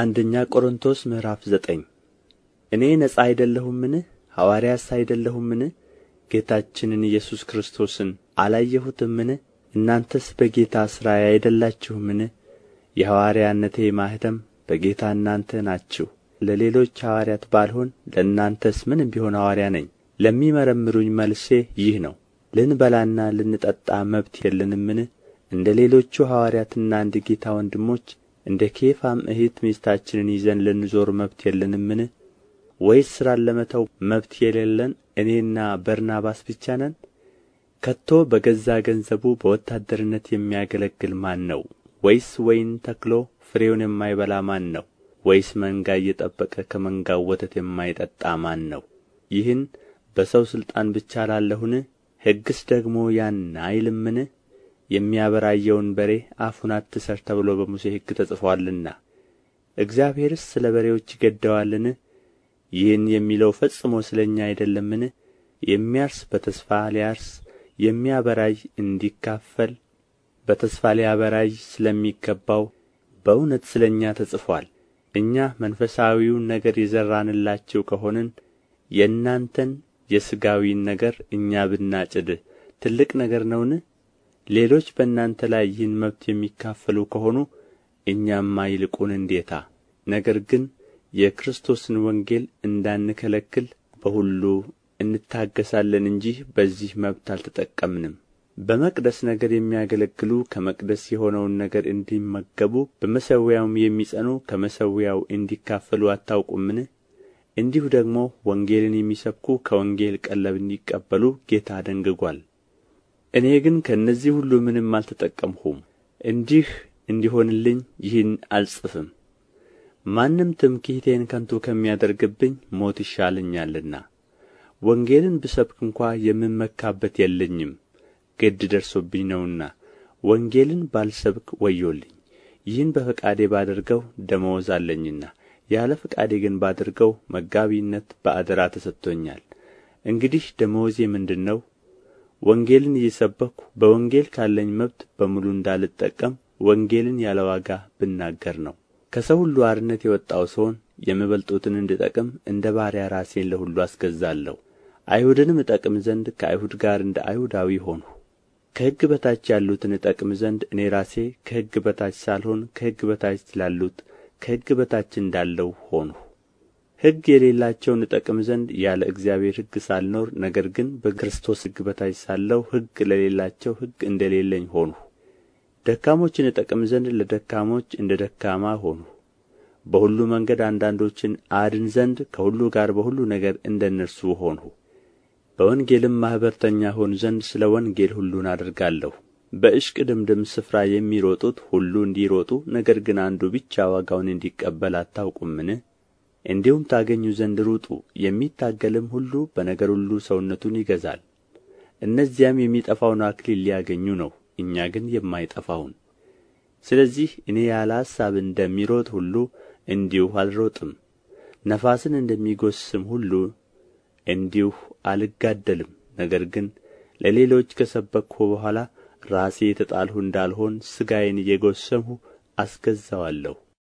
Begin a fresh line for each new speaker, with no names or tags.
አንደኛ ቆሮንቶስ ምዕራፍ ዘጠኝ እኔ ነጻ አይደለሁምን ሐዋርያስ አይደለሁምን ጌታችንን ኢየሱስ ክርስቶስን አላየሁትምን እናንተስ በጌታ ሥራዬ አይደላችሁምን የሐዋርያነቴ ማኅተም በጌታ እናንተ ናችሁ ለሌሎች ሐዋርያት ባልሆን ለእናንተስ ምንም ቢሆን ሐዋርያ ነኝ ለሚመረምሩኝ መልሴ ይህ ነው ልንበላና ልንጠጣ መብት የለንምን እንደ ሌሎቹ ሐዋርያትና እንደ ጌታ ወንድሞች እንደ ኬፋም እኅት ሚስታችንን ይዘን ልንዞር መብት የለንምን ወይስ ሥራን ለመተው መብት የሌለን እኔና በርናባስ ብቻ ነን ከቶ በገዛ ገንዘቡ በወታደርነት የሚያገለግል ማን ነው ወይስ ወይን ተክሎ ፍሬውን የማይበላ ማን ነው ወይስ መንጋ እየጠበቀ ከመንጋው ወተት የማይጠጣ ማን ነው ይህን በሰው ሥልጣን ብቻ ላለሁን ሕግስ ደግሞ ያን አይልምን የሚያበራየውን በሬ አፉን አትሰር ተብሎ በሙሴ ሕግ ተጽፎአልና እግዚአብሔርስ ስለ በሬዎች ይገደዋልን ይህን የሚለው ፈጽሞ ስለ እኛ አይደለምን የሚያርስ በተስፋ ሊያርስ የሚያበራይ እንዲካፈል በተስፋ ሊያበራይ ስለሚገባው በእውነት ስለ እኛ ተጽፏል። እኛ መንፈሳዊውን ነገር የዘራንላችሁ ከሆንን የእናንተን የሥጋዊን ነገር እኛ ብናጭድ ትልቅ ነገር ነውን? ሌሎች በእናንተ ላይ ይህን መብት የሚካፈሉ ከሆኑ እኛማ ይልቁን እንዴታ ነገር ግን የክርስቶስን ወንጌል እንዳንከለክል በሁሉ እንታገሳለን እንጂ በዚህ መብት አልተጠቀምንም። በመቅደስ ነገር የሚያገለግሉ ከመቅደስ የሆነውን ነገር እንዲመገቡ፣ በመሠዊያውም የሚጸኑ ከመሠዊያው እንዲካፈሉ አታውቁምን? እንዲሁ ደግሞ ወንጌልን የሚሰብኩ ከወንጌል ቀለብ እንዲቀበሉ ጌታ ደንግጓል። እኔ ግን ከእነዚህ ሁሉ ምንም አልተጠቀምሁም እንዲህ እንዲሆንልኝ ይህን አልጽፍም ማንም ትምክህቴን ከንቱ ከሚያደርግብኝ ሞት ይሻለኛልና ወንጌልን ብሰብክ እንኳ የምመካበት የለኝም ግድ ደርሶብኝ ነውና ወንጌልን ባልሰብክ ወዮልኝ ይህን በፈቃዴ ባደርገው ደመወዝ አለኝና ያለ ፈቃዴ ግን ባደርገው መጋቢነት በአደራ ተሰጥቶኛል እንግዲህ ደመወዜ ምንድን ነው ወንጌልን እየሰበኩ በወንጌል ካለኝ መብት በሙሉ እንዳልጠቀም ወንጌልን ያለ ዋጋ ብናገር ነው ከሰው ሁሉ አርነት የወጣው ስሆን የሚበልጡትን እንድጠቅም እንደ ባሪያ ራሴን ለሁሉ አስገዛለሁ አይሁድንም እጠቅም ዘንድ ከአይሁድ ጋር እንደ አይሁዳዊ ሆንሁ ከሕግ በታች ያሉትን እጠቅም ዘንድ እኔ ራሴ ከሕግ በታች ሳልሆን ከሕግ በታች ስላሉት ከሕግ በታች እንዳለው ሆንሁ ሕግ የሌላቸውን እጠቅም ዘንድ ያለ እግዚአብሔር ሕግ ሳልኖር ነገር ግን በክርስቶስ ሕግ በታች ሳለሁ ሕግ ለሌላቸው ሕግ እንደሌለኝ ሆንሁ። ደካሞችን እጠቅም ዘንድ ለደካሞች እንደ ደካማ ሆንሁ። በሁሉ መንገድ አንዳንዶችን አድን ዘንድ ከሁሉ ጋር በሁሉ ነገር እንደ እነርሱ ሆንሁ። በወንጌልም ማኅበርተኛ ሆን ዘንድ ስለ ወንጌል ሁሉን አድርጋለሁ። በእሽቅ ድምድም ስፍራ የሚሮጡት ሁሉ እንዲሮጡ ነገር ግን አንዱ ብቻ ዋጋውን እንዲቀበል አታውቁምን? እንዲሁም ታገኙ ዘንድ ሩጡ የሚታገልም ሁሉ በነገር ሁሉ ሰውነቱን ይገዛል እነዚያም የሚጠፋውን አክሊል ሊያገኙ ነው እኛ ግን የማይጠፋውን ስለዚህ እኔ ያለ ሐሳብ እንደሚሮጥ ሁሉ እንዲሁ አልሮጥም ነፋስን እንደሚጎስም ሁሉ እንዲሁ አልጋደልም ነገር ግን ለሌሎች ከሰበክሁ በኋላ ራሴ የተጣልሁ እንዳልሆን ሥጋዬን እየጎሰምሁ አስገዛዋለሁ